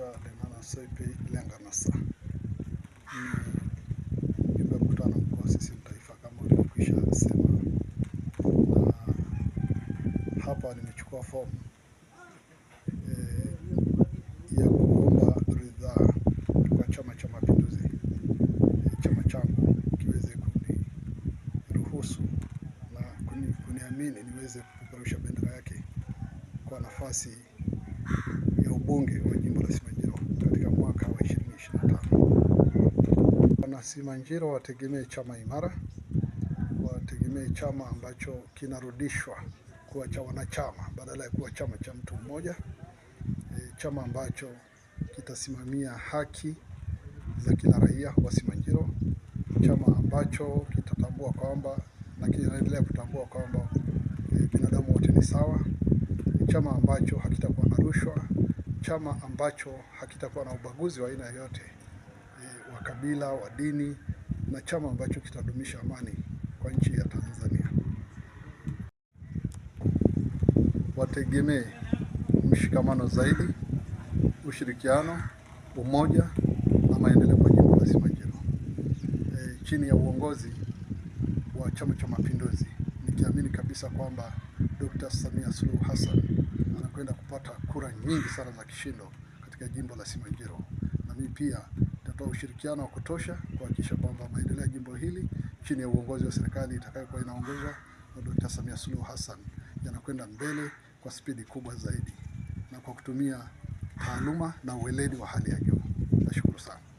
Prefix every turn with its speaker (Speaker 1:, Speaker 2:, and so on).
Speaker 1: Naitwa Lenana Soipi Lenga Nasa, mjumbe wa mkutano mkuu wa CCM Taifa kama ulivyokwisha sema, na hapa nimechukua fomu e, ya kuomba ridhaa kwa Chama cha Mapinduzi, eh, chama changu kiweze kuniruhusu na kuniamini niweze kupeperusha bendera yake kwa nafasi ya ubunge wa jimbo la Wanasimanjiro wategemee chama imara, wategemee chama ambacho kinarudishwa kuwa cha wanachama badala ya kuwa chama cha mtu mmoja e, chama ambacho kitasimamia haki za kila raia wa Simanjiro, chama ambacho kitatambua kwamba na kinaendelea kutambua kwamba e, binadamu e, wote ni sawa, chama ambacho hakitakuwa na rushwa chama ambacho hakitakuwa na ubaguzi wa aina yoyote e, wa kabila, wa dini na chama ambacho kitadumisha amani kwa nchi ya Tanzania. Wategemee mshikamano zaidi, ushirikiano, umoja na maendeleo kwa jimbo la Simanjiro e, chini ya uongozi wa Chama cha Mapinduzi, nikiamini kabisa kwamba Dr. Samia Suluhu Hassan nakwenda kupata kura nyingi sana za kishindo katika jimbo la Simanjiro, na mimi pia nitatoa ushirikiano wa kutosha kuhakikisha kwamba maendeleo ya jimbo hili chini ya uongozi wa serikali itakayokuwa inaongozwa na Dr. Samia Suluhu Hassan yanakwenda mbele kwa spidi kubwa zaidi na kwa kutumia taaluma na uweledi wa hali ya juu. Nashukuru sana.